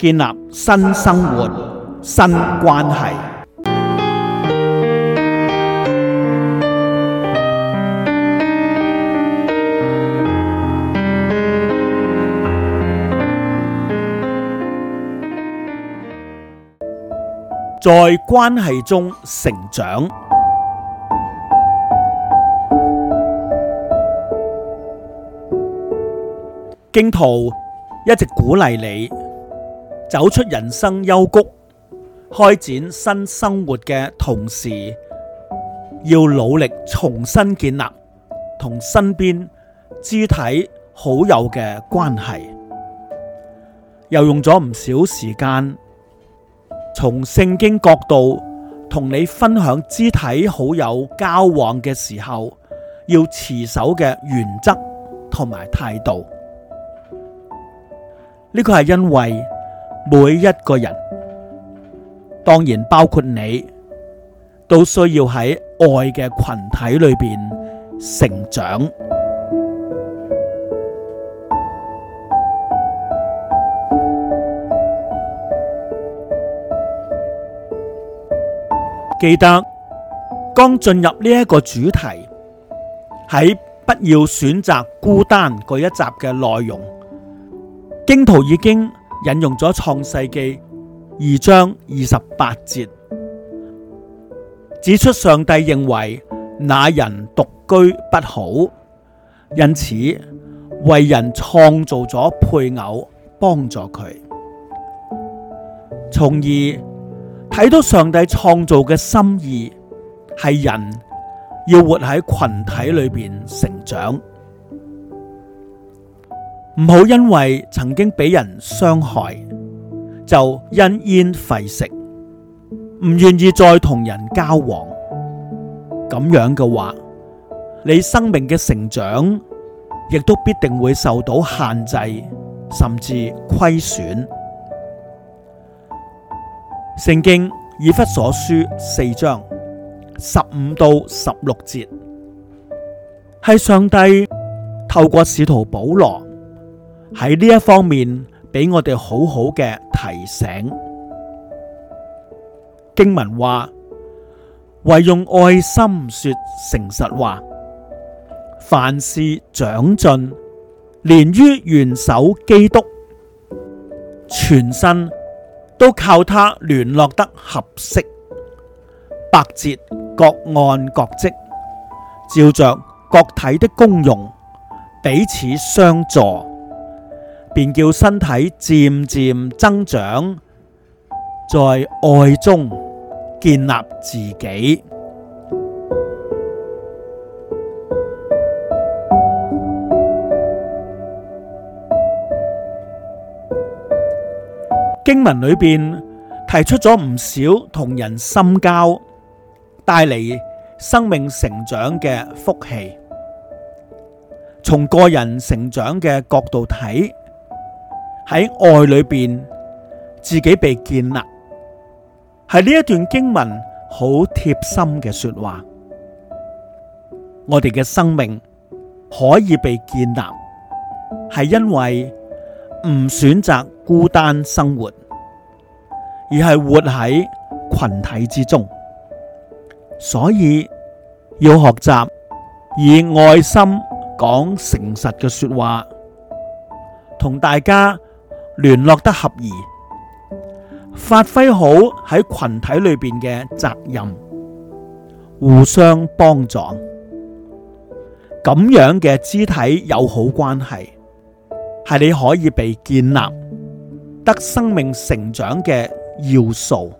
建立新生活、新關係，在關係中成長。荊徒一直鼓勵你。走出人生幽谷，開展新生活嘅同時，要努力重新建立同身邊肢體好友嘅關係，又用咗唔少時間，從聖經角度同你分享肢體好友交往嘅時候要持守嘅原則同埋態度。呢個係因為，每一個人，當然包括你，都需要喺愛嘅群體裏邊成長。記得剛進入呢一個主題，喺不要選擇孤單嗰一集嘅內容，荊徒已經。引用咗《創世記》二章二十八節，指出上帝認為那人獨居不好，因此為人創造咗配偶幫助佢，從而睇到上帝創造嘅心意，係人要活喺群體裏邊成長。唔好因為曾經俾人傷害，就因噎廢食，唔願意再同人交往。咁樣嘅話，你生命嘅成長亦都必定會受到限制，甚至虧損。聖經以弗所書四章十五到十六節係上帝透過使徒保羅。喺呢一方面俾我哋好好嘅提醒。經文話：唯用愛心說誠實話，凡事長進，連於元首基督，全身都靠他聯絡得合適，百節各按各職，照着各體的功用彼此相助。便叫身體漸漸增長，在愛中建立自己。經文裏邊提出咗唔少同人心交，帶嚟生命成長嘅福氣。從個人成長嘅角度睇。喺愛裏邊，自己被建立，係呢一段經文好貼心嘅說話。我哋嘅生命可以被建立，係因為唔選擇孤單生活，而係活喺群體之中。所以要學習以愛心講誠實嘅說話，同大家。聯絡得合宜，發揮好喺群體裏邊嘅責任，互相幫助，咁樣嘅肢體友好關係係你可以被建立得生命成長嘅要素。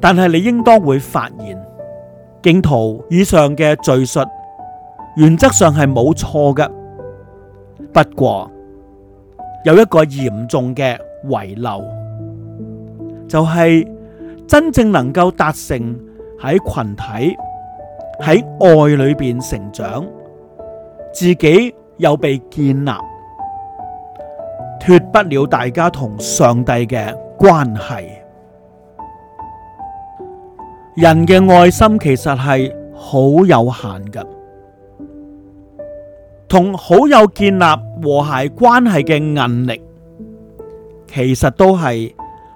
但係你應當會發現，荊徒以上嘅敘述原則上係冇錯嘅。不過有一個嚴重嘅遺漏，就係、是、真正能夠達成喺群體喺愛裏邊成長，自己又被建立，脫不了大家同上帝嘅關係。人嘅愛心其實係好有限㗎。同好友建立和諧關係嘅能力，其實都係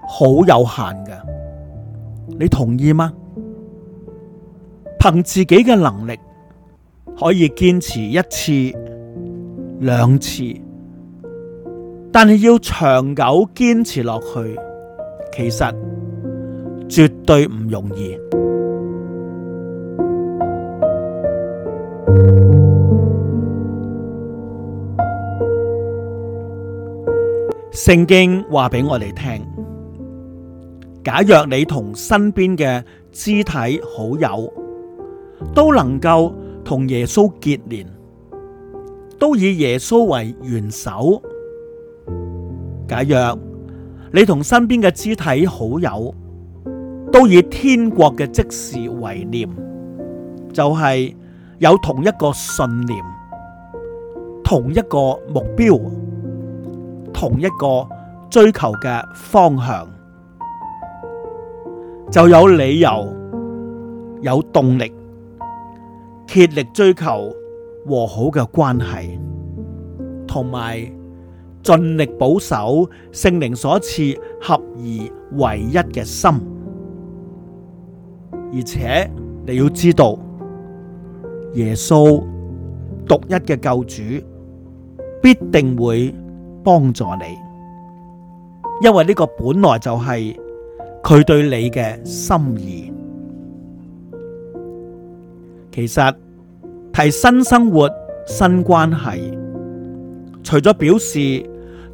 好有限嘅。你同意嗎？憑自己嘅能力可以堅持一次、兩次，但係要長久堅持落去，其實絕對唔容易。聖經話俾我哋聽：假若你同身邊嘅肢體好友都能夠同耶穌結連，都以耶穌為元首；假若你同身邊嘅肢體好友都以天國嘅即時為念，就係有同一個信念、同一個目標。同一個追求嘅方向，就有理由、有動力、竭力追求和好嘅關係，同埋盡力保守聖靈所賜合而為一嘅心。而且你要知道，耶穌獨一嘅救主必定會。幫助你，因為呢個本來就係佢對你嘅心意。其實，提新生活、新關係，除咗表示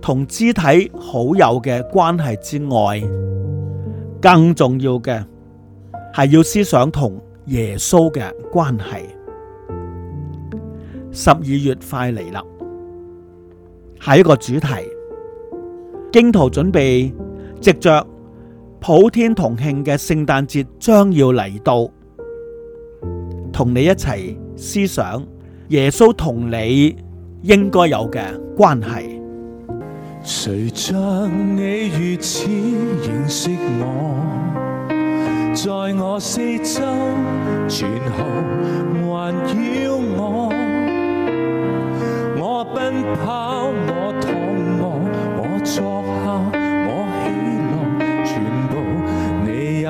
同肢體好友嘅關係之外，更重要嘅係要思想同耶穌嘅關係。十二月快嚟啦！下一個主題，荊徒準備，藉着普天同慶嘅聖誕節將要嚟到，同你一齊思想耶穌同你應該有嘅關係。